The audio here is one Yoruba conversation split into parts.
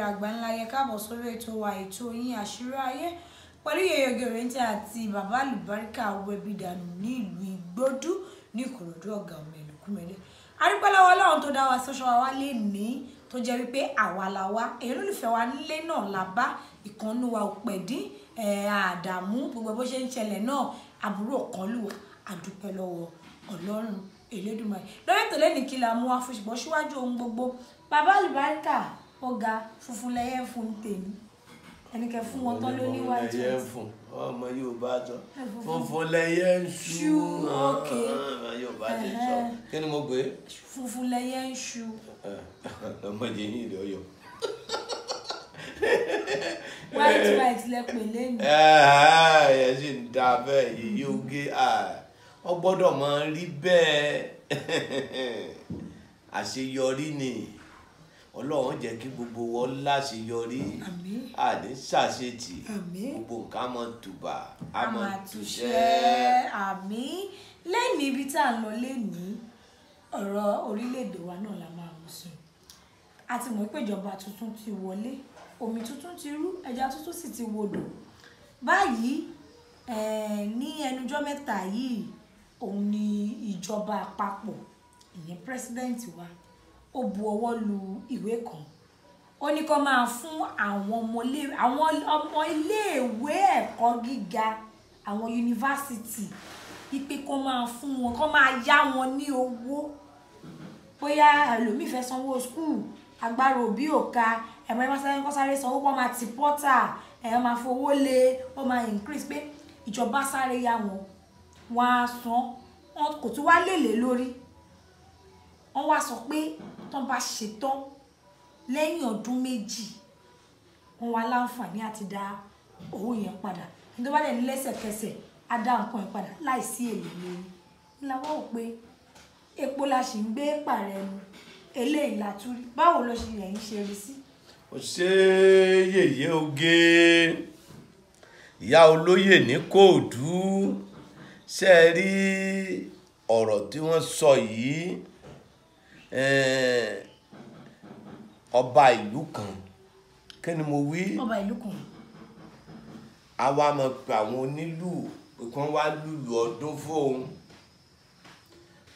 òkèèrè àgbáńlá yẹ káàbọ̀ sórí ètò wa ètò yín àṣírí ayé pẹ̀lú yẹyẹ gẹ̀rẹ́ntì àti bàbá àlùbáríkà wẹbi dànù ní ìlú igbódú ní ìkòròdú ọ̀gá ọmọ ẹ̀lùkúmẹ́lẹ́ arípẹ́lẹ́wọ́ ọlọ́run tó dá wa sọ́ṣọ́ wa wá lè ní tó jẹ́ wípé àwa la wá èyí olólùfẹ́ wa nílé náà la bá ìkànnú wa ò pẹ̀dín àdàmú gbogbo bó ṣe ń ṣẹlẹ̀ náà àbúrò kan lù àdúpẹ́ lọ́wọ́ ọlọ́run Elédùmarè lórí lẹ́nìí kí la mú wa fún ṣùgbọ́n síwájú ohun gbogbo bàbá àlùbáríkà ọ̀gá funfun lẹ́yẹ̀ fún tèmi ẹnikẹ́ fún wọn tán ló níwájú àti. lẹ́yẹ̀ fún ọmọ yorùbá jọ funfun lẹ́yẹ̀ ń ṣú ah, ọmọ yorùbá jẹ sọ kí ni mo gbé. funfun lẹ́yẹ̀ ń ṣú. ọmọdé yìí lè yọ. white white lẹ pè lẹ́nu. ẹ ṣì ń da bẹ́ẹ̀ yìí yóò gé ọ gbọ́dọ̀ máa rí bẹ́ẹ̀ àṣeyọrí ni ọlọ́run jẹ́ kí gbogbo wọn láṣeyọrí àní ṣàṣetì gbogbo nǹkan mọ̀ tùbà a mọ̀ túṣẹ́. àmín lẹ́yìn ibi tá a lọ lẹ́yìn ọ̀rọ̀ orílẹ̀-èdè wa náà la máa mú sùn a ti mọ̀ pé ìjọba tuntun ti wọlé omi tuntun ti rú ẹja tuntun sì ti wodò báyìí ní ẹnujọ́ mẹ́ta yìí òun ni ìjọba àpapọ̀ ìyẹn pírẹsidẹ́ǹtì wa ó bu ọwọ́ lu ìwé kan ó ní kó máa fún àwọn ọmọ iléèwé ẹ̀kọ́ gíga àwọn yunifásitì ipe kó máa fún wọn kó máa yá wọn ní owó bóyá ẹlòmíì fẹ́ sanwó skul agbára òbí ò ka ẹ̀mọ́ ẹ̀mọ́ sáré kọ́ sáré sanwó kó máa ti pọ́tà ẹ̀ máa fowó lé ó máa increase pé ìjọba sáré yá wọn wọn á san wọn kò tún wá lè lè lórí wọ́n wá sọ pé tán bá ṣetán lẹ́yìn ọdún méjì wọ́n wá láǹfààní àti dá owó yẹn padà ní tó bá dẹ̀ lẹ́sẹ̀kẹsẹ̀ á dá nǹkan yẹn padà láìsí èlé lórí ńlá wọ́n ò pé epo la ṣì ń gbé pààrẹ̀ ẹnu eléyìí la tún rí báwo ló ṣe yẹn ń ṣe rí sí. ó ṣe yèyé oge ìyá olóyè ní kóòdù ṣe rí ọ̀rọ̀ tí wọ́n sọ yìí Eh, ọba ìlú kan kí ni mo wí. ọba ìlú kan. a wá mọ pé àwọn onílù kan wá lùlù ọdún fóun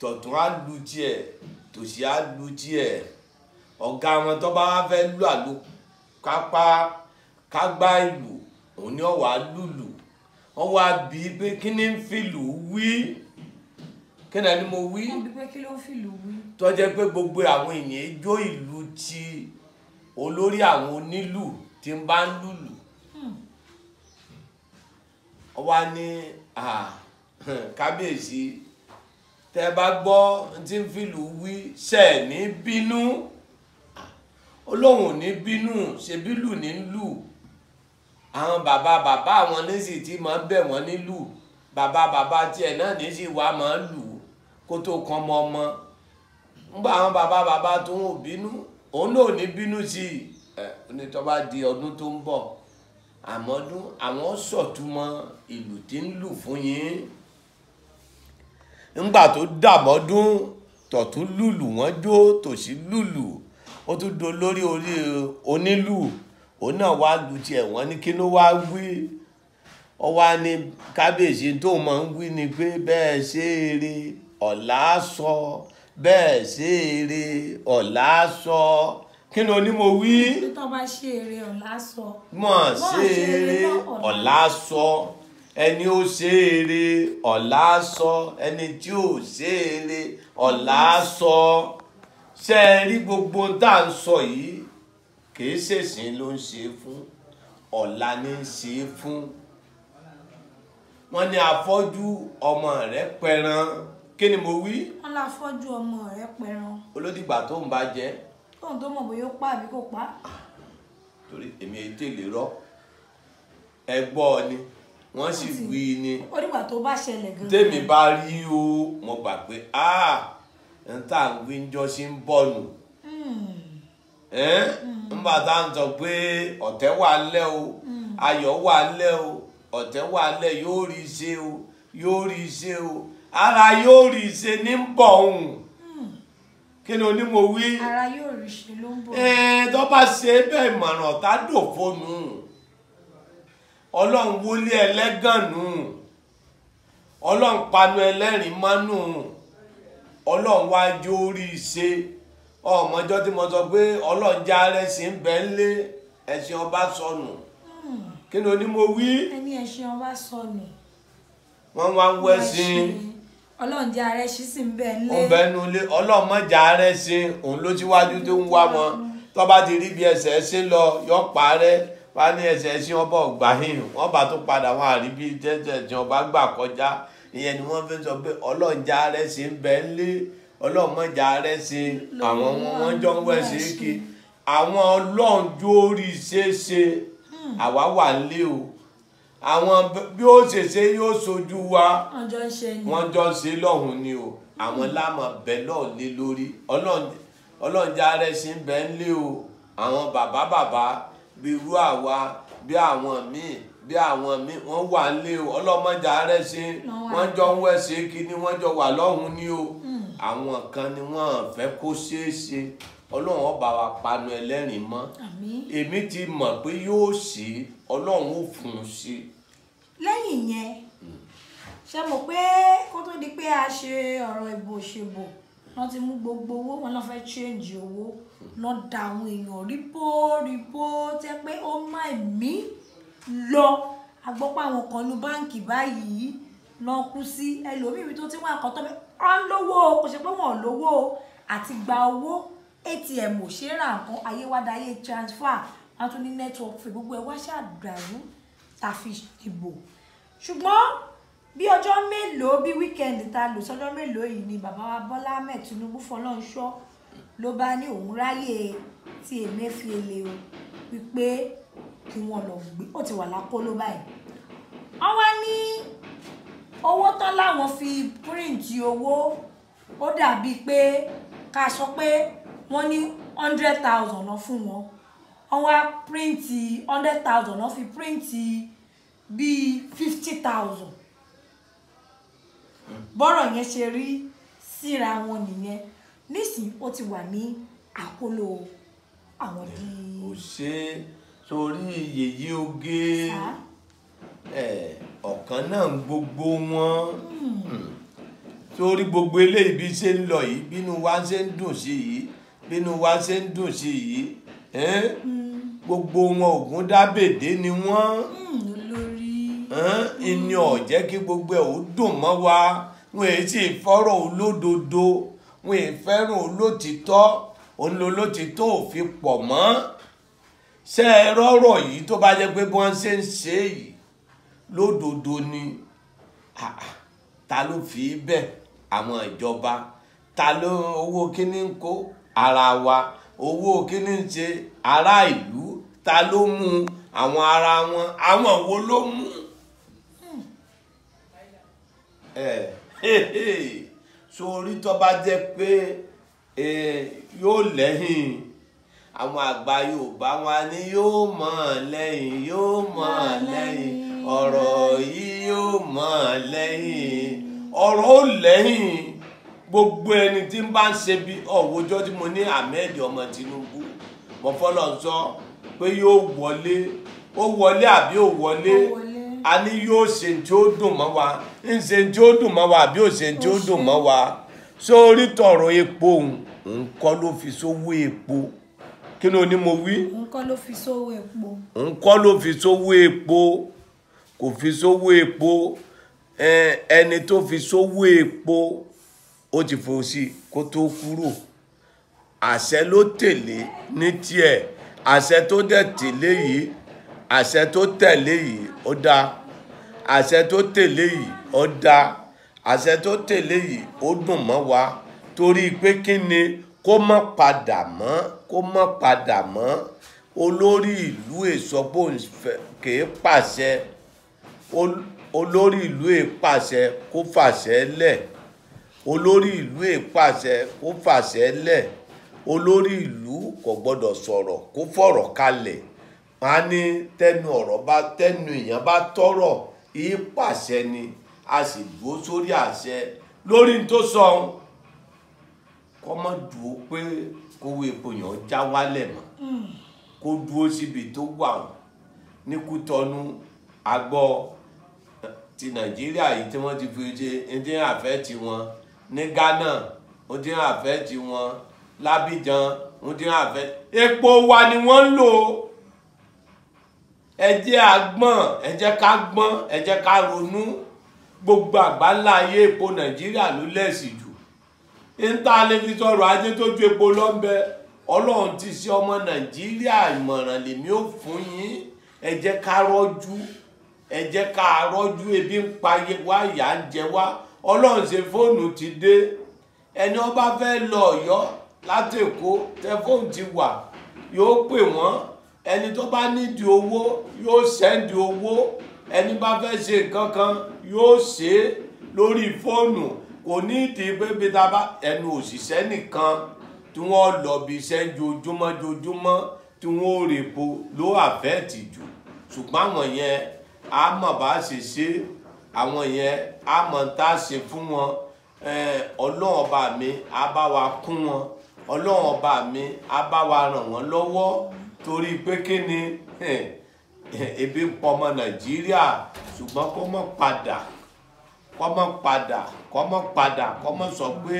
tọ̀tún á lu tiẹ̀ tòsí á lu tiẹ̀ ọ̀gá wọn tó bá wá fẹ́ lù àlù kápá kágbá ìlú òun ni ọ̀wá lùlù ọ̀wá bíi pé kí ni ń fi lù wí kí ni ẹni mo wí. tó jẹ́ pé gbogbo àwọn ènìyàn jó ìlú ti olórí àwọn onílù tí ń bá ń lùlù. Hmm. wá ní kábíyèsí tẹ́ bá gbọ́ tí ń fìlù wí ṣe ní bínú olóhùn ní bínú ṣebí lù ní lù àwọn bàbá bàbá àwọn nísì tí máa bẹ̀ wọ́n nílù bàbá bàbá tiẹ̀ náà nísì wá máa lù kó tó kan mọ ọmọ ńgbà àwọn bàbá bàbá tó ń bínú òun náà ní bínú sí i ẹ onítọ́ bá di ọdún tó ń bọ̀ àmọ́dún àwọn sọ̀túmọ̀ ìlù tí ń lù fún yín ńgbà tó dàmọ́dún tọ̀tún lùlù wọ́n jó tòsí lùlù ó tún do lórí orí onílù òun náà wá lu tiẹ̀ wọ́n ní kí ló wá wí ọ wá ní kábíyèsí tó máa ń wí ni pé bẹ́ẹ̀ ṣe é rí ọ̀la sọ bẹ́ẹ̀ ṣe eré ọ̀la sọ kí ni onímọ̀ wí. tó bá ṣe eré ọ̀la sọ. mọ̀ ṣe eré ọ̀la sọ ẹni ó ṣe eré ọ̀la sọ ẹni tí ò ṣe eré ọ̀la sọ ṣe é rí gbogbo tá à ń sọ yìí kì í ló ń ṣe fún ọ̀la ní í ṣe fún wọ́n ní afọ́jú ọmọ rẹ̀ pẹran kí ni mo wí. wọn la fọjú ọmọ rẹ pẹran. olódìgbà tó ń bá jẹ. tóun tó mọ̀ bóyá ó pa àbí kò pa. torí èmi èyí tèlè rọ ẹ gbọ́ ọ ni wọ́n sì wí ni. ó dìgbà tó bá ṣẹlẹ̀ gan-an. tèmi bá rí o mo gbà pé ah, n tà ń sí ń bọ̀ nù. nígbà tá à sọ pé ọ̀tẹ̀ wà lẹ́ o hmm. ayọ̀ wà lẹ́ o ọ̀tẹ̀ wà lẹ́ yóò rí ṣe o yóò rí ṣe o ara yóò rí ṣe ní bọ̀ ọ̀hún hmm. kí ni onímọ̀ wí. ara yóò rí ṣe ló ń bọ̀. ẹ̀ẹ́n tó bá ṣe é bẹ́ẹ̀ ìmọ̀ràn ọ̀tá dòfo nù ọlọ́run wọlé ẹlẹ́gàn nù ọlọ́run panu ẹlẹ́rìn mọ́nù ọlọ́run wá jó rí ṣe ọmọjọ́ tí mo sọ pé ọlọ́run já rẹ́sìn bẹ́ẹ̀ lé ẹ̀sìn ọba sọnù hmm. kí ni onímọ̀ wí. ẹni ẹ̀sìn ọba sọnù. wọ́n wá ń wẹ́sìn ọlọ́run jẹ́ ààrẹ ṣí sì ń bẹ̀ ń lé. òǹbẹ́ nu ilé ọlọ́run mọ̀jà ààrẹ ṣe òun ló síwájú tó ń wá wọn tó bá ti rí bí ẹsẹ̀ ṣe lọ yọ parẹ́ wá ní ẹsẹ̀ ṣe wọn bọ̀ gbà hìn wọn bá tó padà wọn àrí bí tẹ́tẹ̀ tí wọn gbà kọjá ìyẹn ni wọ́n fi sọ pé ọlọ́run jẹ́ ààrẹ ṣe ń bẹ̀ ń lé ọlọ́run mọ̀jà ààrẹ ṣe àwọn wọn jọ ń wẹ̀ ṣe kí àwọn ọlọ́run jó àwọn bí ó ṣe ṣe yóò ṣojú wa wọ́n jọ ń ṣe lọ́hùn ni o àwọn lámọ̀ bẹ́ẹ̀ lọ́ọ̀ lé lórí ọlọ́ọ̀jà rẹ̀ ṣe ń bẹ́ẹ̀ ń lé o àwọn bàbá bàbá bí irú àwa bí àwọn míì bí àwọn míì wọ́n wà ń lé o ọlọ́mọjà rẹ̀ ṣe wọ́n jọ ń wẹ̀ṣẹ̀ kíní wọ́n jọ wà lọ́hùn ni o hmm. àwọn kan ni wọ́n fẹ́ kó ṣeé ṣe ọlọ́run ọba wa panu ẹlẹ́rìn mọ́ èmi ti mọ̀ pé yóò ṣe ọlọ́run ó fún un ṣe lẹ́yìn yẹn ṣe mọ̀ pé kó tó di pé a ṣe ọ̀rọ̀ ìbò òṣèbò wọ́n ti mú gbogbo owó wọn náà fẹ́ change owó lọ da àwọn èèyàn rípò rípò tẹ́ pé ó má mí lọ a gbọ́ pé àwọn kan ní báǹkì báyìí náà kú sí ẹlòmíì tó ti wọ́n àkọ́tọ́ mi ọ́n lówó kò ṣe pé wọ́n lówó àti gba owó atm ò ṣe é ra nǹkan ayé transfer wọ́n tún ní network fẹ́ gbogbo ẹ̀ wá ṣàdàrú tá fi dìbò ṣùgbọ́n bí ọjọ́ mélòó bí weekend ta lò sọ́jọ́ mélòó yìí ni bàbá wa Bọ́lá Ahmed Tinubu fọlọ́nṣọ́ ló bá ní òun ráyè ti Emefiele o wípé kí wọ́n lọ gbé ó ti wà lákóló báyìí wọ́n wá ní owó tán láwọn fi píríǹtì owó ó dàbí pé ká sọ pé wọ́n ní hundred thousand lọ fún wọn wọ́n wá píríǹtì hundred thousand lọ fi píríǹtì bíi fifty thousand bọ́rọ̀ yẹn ṣe rí síra wọn nìyẹn nísìnyí ó ti wà ní àkóló àwọn di. ò ṣe torí yèyí oge ọ̀kan náà gbogbo wọn torí hmm. hmm. gbogbo eléyìí bí ṣe ń lọ yìí bínú wa ṣe ń dùn sí yìí bínú wa ṣe ń dùn sí yìí hmm. gbogbo wọn ògúndábèdé ni wọ́n. Mm ìní ọ̀jẹ́ kí gbogbo ẹ̀ ó dùn mọ́ wa wọn èyí sì fọ́rọ̀ olódodo wọn èyí fẹ́ràn olótìtọ́ òun lolótìtọ́ ò fi pọ̀ mọ́ ṣe é rọ́rọ̀ yìí tó bá jẹ́ pé bí wọ́n ṣe ń ṣe yìí lódodo ni ta ló fi bẹ́ẹ̀ àwọn ìjọba ta ló owó kíní ń kó ara wa owó kíní ń ṣe ará ìlú ta ló mú àwọn ara wọn àwọn wo ló mú un sórí tó bá jẹ́ pé yóò lẹ́yìn àwọn àgbà Yorùbá wa ni yóò mọ̀ lẹ́yìn yóò mọ̀ lẹ́yìn ọ̀rọ̀ yìí yóò mọ̀ lẹ́yìn ọ̀rọ̀ ó lẹ́yìn gbogbo ẹni tí ń bá ń ṣe bí ọ̀wọ́jọ́ tí mo ní Ahmed ọmọ Tinubu mo fọlọ́ sọ pé yóò wọlé ó wọlé àbí ó wọlé a ní yóò ṣe tí ó dùn mọ́ wa. ń ṣe tí ó dùn mọ́ wa àbí ò ṣe tí ó dùn mọ́ wa sórí tọ̀rọ̀ epo nǹkan ló fi sówó epo kí ló ní mo wí. nǹkan ló fi sówó epo. nǹkan ló fi sówó epo kò fi sówó epo ẹni tó fi sówó epo ó ti fò sí kó tó kúrò àṣẹ ló tẹ̀lé ní tiẹ̀ àṣẹ tó dẹ̀ tẹ̀lé yìí àṣẹ tó tẹ̀lé yìí ó dáa àṣẹ tó tẹ̀lé yìí ó dáa àṣẹ tó tẹ̀lé yìí ó dùn mọ́ wa torí pé kí ni kó má padà mọ́ kó má padà mọ́ olórí ìlú èso bó ń fẹ́ kèé pàṣẹ olórí ìlú èpàṣẹ kó fàṣẹ lẹ̀ olórí ìlú èpàṣẹ kó fàṣẹ lẹ̀ olórí ìlú kò gbọ́dọ̀ sọ̀rọ̀ kó fọ̀rọ̀ kalẹ̀ wọn á ní tẹnu ọ̀rọ̀ bá tẹnu èèyàn bá tọrọ ìpàṣẹ ni a sì dúró sórí àṣẹ lórí tó sọ ohun kọ́mọ́ dúró pé kówó epo yàn já wálẹ̀ mọ́ kó dúró síbi tó wà ní Kútọ́nù agbọ́ ti Nàìjíríà yìí tí wọ́n ti fi ṣe ẹni àfẹ́ ti wọn ní Ghana ó dín àfẹ́ ti wọn lábìjan ó àfẹ́ epo wa ni wọ́n ń lò ẹ jẹ́ agbọ́n ẹ jẹ́ ká gbọ́n ẹ jẹ́ ká ronú gbogbo àgbáńlá ayé epo nàìjíríà ló lẹ́sìn jù níta lè fi sọ̀rọ̀ ajé tó ju epo lọ́nbẹ ọlọ́run ti ṣe ọmọ nàìjíríà ìmọ̀ràn lèmi ò fún yín ẹ jẹ́ ká rọ́jú ẹ jẹ́ ká rọ́jú ebi ń pa wá ìyà ń jẹ wá ọlọ́run ṣe fóònù ti dé ẹni ó bá fẹ́ lọ ọ̀yọ́ láti èkó tẹfóònù ti wà yóò pè wọ́n ẹni tó bá nídìí owó yóò sẹ́ndì owó ẹni bá fẹ́ ṣe nǹkan kan yóò ṣe é lórí fóònù kò ní ìdí pé bí ta bá ẹnu òṣìṣẹ́ nìkan tí wọ́n lọ bí iṣẹ́ jojúmọ́ jojúmọ́ tí wọ́n ò rèpo ló àfẹ́ẹ̀tì jù ṣùgbọ́n àwọn yẹn á mọ̀ bá ṣe ṣe àwọn yẹn á mọ̀ tá a ṣe fún wọn ọlọ́run ọba mi á bá wa kún wọn ọlọ́run ọba mi á bá wa ràn wọ́n lọ́wọ́ torí pé kí ni. ebi ń pọ ọmọ nàìjíríà ṣùgbọ́n kó mọ̀ padà kó mọ̀ padà kó mọ̀ padà kó mọ̀ sọ pé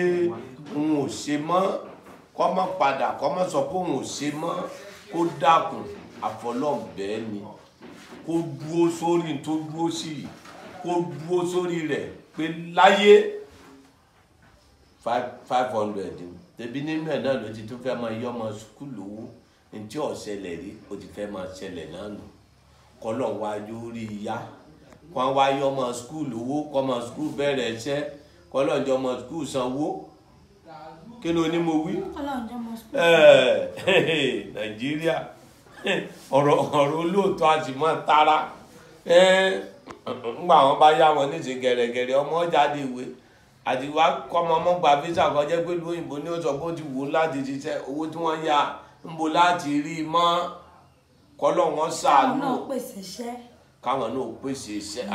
òun ò ṣe mọ́ kó mọ̀ padà kó mọ̀ sọ pé òun ò ṣe mọ́ kó dákun àfọlọ́ọ̀bẹ́ ni kó dúó sórí tó dúó sí yìí kó dúó sórí rẹ̀ pé láyé five hundred tẹbi nínú ẹ̀ náà ló ti tún fẹ́ máa yọ ọmọ sukùlù owó ntí ó ṣẹlẹ̀ rí ó ti fẹ́ máa ṣẹlẹ̀ náà nù kọ́lọ̀ wa yóò rí ya kọ́ wa yọ ọmọ skul owó kọ́ ọmọ skul bẹ̀rẹ̀ iṣẹ́ kọ́lọ̀ jọ ọmọ skul sanwó kí ló ní mo wí nàìjíríà ọ̀rọ̀ ọ̀rọ̀ olóòótọ́ àti mọ́ tara ńgbà wọn bá yá wọn níṣe gẹ̀rẹ́gẹ̀rẹ́ ọmọ jáde ìwé àti wá kọ́mọ ọmọ gba visa kọjá pé lóyìnbó ní ó sọ pé ó ti wò láti ṣiṣẹ́ owó tí wọ́n yá ń bo láti rí i mọ́ kọ́lọ́ wọn ṣàánú káwọn náà pèsè iṣẹ́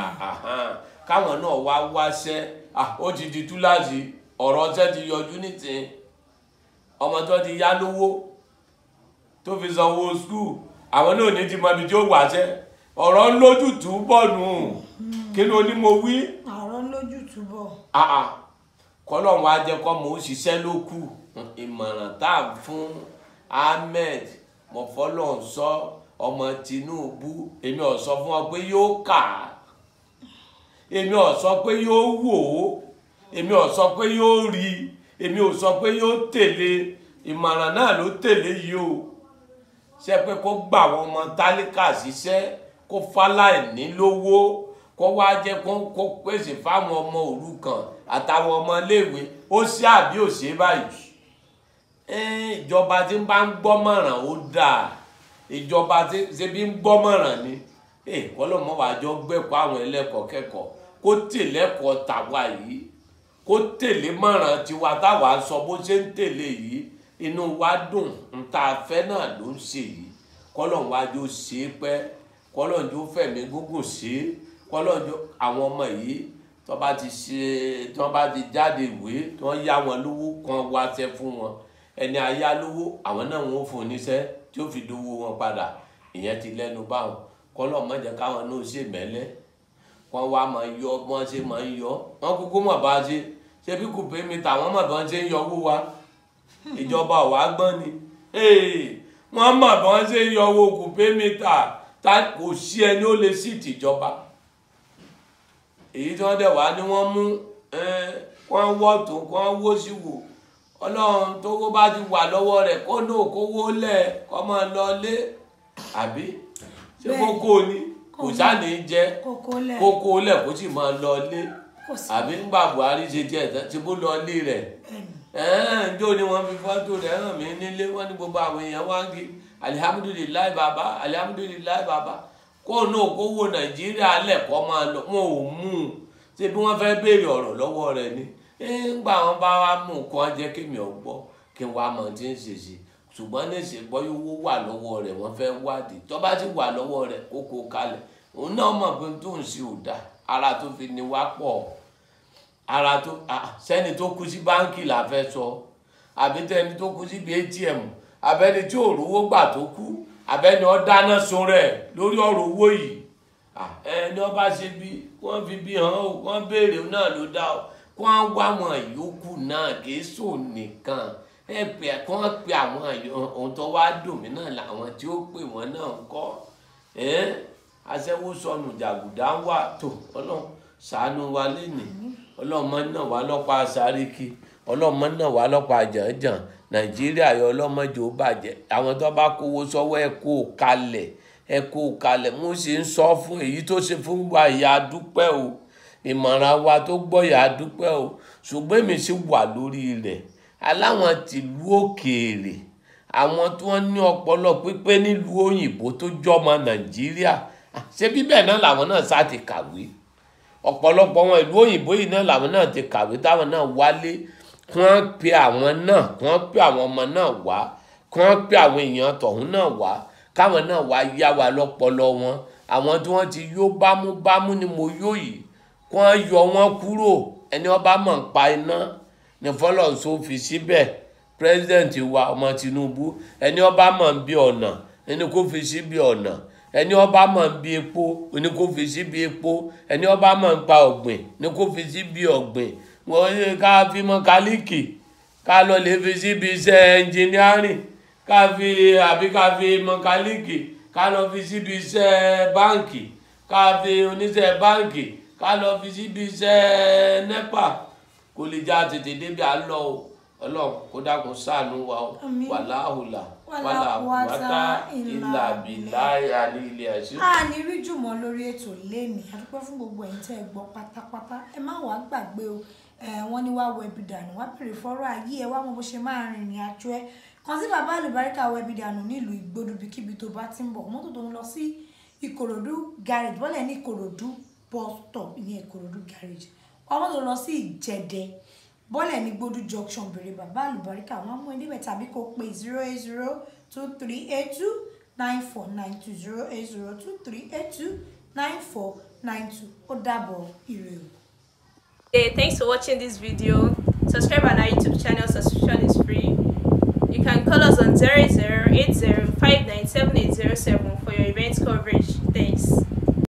káwọn náà wá wáṣẹ́ ó ti di túláàsì ọ̀rọ̀ ṣẹ́ ti yọjú nìtìí ọmọ tó ti yá lówó tó fi sanwó skul àwọn náà ní ti mọ ibi tí ó wáṣẹ́ ọ̀rọ̀ ń lójú túbọ̀ nù hmm. kí ló ní mo wí. ọ̀rọ̀ ń lójú túbọ̀. wọn á jẹ́ kọ́ mọ̀ ó ṣiṣẹ́ ló kù tá a fún Ahmed mọ̀fọ́lọ́ sọ. So ọmọ Tinubu èmi ò sọ fún ọ pé yóò kà á èmi ò sọ pé yóò wò ó èmi ò sọ pé yóò rí èmi ò sọ pé yóò tẹ̀lé ìmọ̀ràn náà ló tẹ̀lé yìí o ṣe pé kó gbà wọn ọmọ tálíkà ṣiṣẹ́ kó fáláìní lówó kó wá jẹ́ kó pèsè fáwọn ọmọ òrukàn àtàwọn ọmọ iléèwé ó ṣe àbí ó ṣe báyìí ìjọba tí ń bá ń gbọ́mọ̀ràn ó dáa ìjọba ṣebí ń gbọ́mọ̀ràn ni kọ́lọ́mọ́ wàá jọ gbẹ̀kọ́ àwọn ẹlẹ́kọ̀ọ́ kẹ́kọ̀ọ́ kó tẹ̀lé ẹ̀kọ́ tàwa yìí kó tẹ̀lé mọ̀ràn tiwa táwa sọ bó ṣe ń tẹ̀lé yìí inú wa dùn ń ta afẹ́ náà ló ń ṣe yìí kọ́lọ́n wa jọ ṣe é pẹ́ kọ́lọ́n jọ fẹ̀mí gúngùn ṣe é kọ́lọ́n jọ àwọn ọmọ yìí tó bá ti ṣe tó bá ti jáde ìwé tó yá wọn lówó kan wáṣẹ fún wọn ẹni ayá lówó àwọn náà wọn ò fún níṣẹ́ tí ó fi dówó wọn padà ìyẹn ti lẹ́nu báwọn kọ́lọ̀ má káwọn náà ṣe mẹ́lẹ́ wọ́n wá máa yọ bí ṣe máa ń yọ wọ́n kúkú mọ̀ bá ṣe ṣe bí kò pé mi tàwọn mọ̀ bí ṣe ń yọ wa ìjọba ò wá gbọ́n ni wọ́n mọ̀ bí ṣe ń yọ kò pé mi tà kò sí ẹni ó lè sí ìtìjọba èyí tí wọ́n dẹ̀ wá ní wọ́n mú wọ́n wọ́ tó wọ́n wó sí wò ọlọ́run tówó bá ti wà lọ́wọ́ rẹ̀ kó náà kówó lẹ̀ kọ́ mọ́ lọlé àbí ṣé kókó ni kò sáàní jẹ kókó lẹ̀ kó sì mọ́ lọlé àbí nígbà Buhari ṣe tiẹ̀ tí bó lọlé rẹ̀ njó ni wọ́n fi fọ́tò rẹ̀ hàn mí nílé wọ́n ní gbogbo àwọn èèyàn wá ń gbé alihamudulilayi baba alihamudulilayi baba kó náà kówó Nàìjíríà lẹ̀ kọ́ mọ́ lọ wọn ò mú un ṣé bí wọ́n fẹ́ béèrè ọ̀rọ̀ lọ́wọ́ rẹ̀ ni ńgbà wọn bá wá mú nǹkan jẹ kémi ọgbọ kí n wá mọ tí ń ṣèṣe ṣùgbọ́n níṣe gbọ́ yówó wà lọ́wọ́ rẹ̀ wọ́n fẹ́ wádìí tó bá ti wà lọ́wọ́ rẹ̀ kó kó òun náà mọ̀ pé tó ń ṣe ò ara tó fi ni wá pọ̀ ara tó sẹ́ni tó kú sí báńkì là fẹ́ sọ àbí tẹni tó kú síbi ATM abẹ́ni tí ò gbà tó kú abẹ́ni ó dáná sun rẹ̀ lórí ọ̀rọ̀ owó yìí ẹni ó ṣe bí wọ́n fi bí hàn ó wọ́n béèrè náà ló dá o kó a wá àwọn yòókù náà kéésù nìkan ẹ pè kó á pe àwọn ohun tó wá dùn mí náà làwọn tí ó pè wọ́n náà ń kọ́ aṣẹ́wó sọnù jàgùdà wà tó ọlọ́run ṣàánú wa lénìí ọlọ́mọ náà wà lọ́pàá sáríkì ọlọ́mọ náà wà lọ́pàá jàǹjàǹ nàìjíríà yọ ọlọ́mọjò bàjẹ́ àwọn tó bá kówó sọ́wọ́ ẹ̀ kó kalẹ̀ ẹ̀ kó kalẹ̀ mo sì ń sọ fún èyí tó ṣe fún wa ìyá dúpẹ́ o ìmọ̀ràn wa tó gbọ́yà á dúpẹ́ o ṣùgbọ́n èmi sì wà lórí rẹ̀ aláwọn tìlú òkèèrè àwọn tí wọ́n ní ọpọlọ pípé nílùú òyìnbó tó jọmọ nàìjíríà ṣé bíbẹ̀ náà làwọn náà sá ti kàwé ọ̀pọ̀lọpọ̀ wọn ìlú òyìnbó yìí náà làwọn náà ti kàwé táwọn náà wálé kí wọ́n pe àwọn náà kí wọ́n pe àwọn ọmọ náà wá kí wọ́n pe àwọn èèyàn tọ̀hún náà wá káwọn náà wá yá wa lọ́pọlọ wọn àwọn tí wọ́n ti yó bámúbámú ni mo yó yìí wọ́n yọ wọ́n kúrò ẹni wọ́n bá mọ̀ ń pa iná ní fọlọ́nso fi síbẹ̀ president wa ọmọ Tinubu ẹni wọ́n bá mọ̀ ń bí ọ̀nà ẹni kò fi síbi ọ̀nà ẹni ọba mọ̀ ń bi epo ẹni kò fi sí bi epo ẹni ọba mọ̀ ń pa ọ̀gbìn ẹni kò fi sí bi ọ̀gbìn wọ́n ṣe ká fi mọ kálíkì ká lọ lè fi sí iṣẹ́ ẹnjìnírìn ká fi àbí ká fi mọ kálíkì ká lọ fi sí iṣẹ́ báǹkì ká fi oníṣẹ́ báǹkì ká lọ fi síbi iṣẹ́ nẹ́pà kó lè já tètè débi à ń lọ o ọlọ́run kó dákun ṣàánú wa o wàláhùlà wàláhùwátá ìlà bìláyà ní ilé ẹ̀sìn. a ní rí jùmọ̀ lórí ètò lẹ́nìí adúpẹ́ fún gbogbo ẹ̀yin tẹ́ ẹ gbọ́ pátápátá ẹ má wàá gbàgbé o wọ́n ní wá wẹ̀bi dànù wá bèrè fọ́rọ̀ ayé ẹ wá mọ bó ṣe máa rìnrìn àjò ẹ kàn sí bàbá àlùbáríkà wẹ̀bi dànù nílùú ìgbódùbíkíbi tó bá ti ń bọ̀ mọ́tò tó ń lọ sí ìkòròdú garage bọ́lẹ̀ ní ìkòròdú bus stop ìyẹn ìkòròdú garage ọmọ tó lọ sí ìjẹ̀dẹ̀ bọ́lẹ̀ ní gbódú junction bèrè bàbá àlùbáríkà wọn mú ẹdíbẹ̀ tàbí kó pe zero eight zero two three eight two nine four nine two zero eight zero two three eight two nine four nine two ó dàbọ̀ ire o. Hey, thanks for watching this video. Subscribe on our YouTube channel, subscription is free. You can call us on zero zero zero zero eight eight five nine seven seven for your event coverage. Thanks.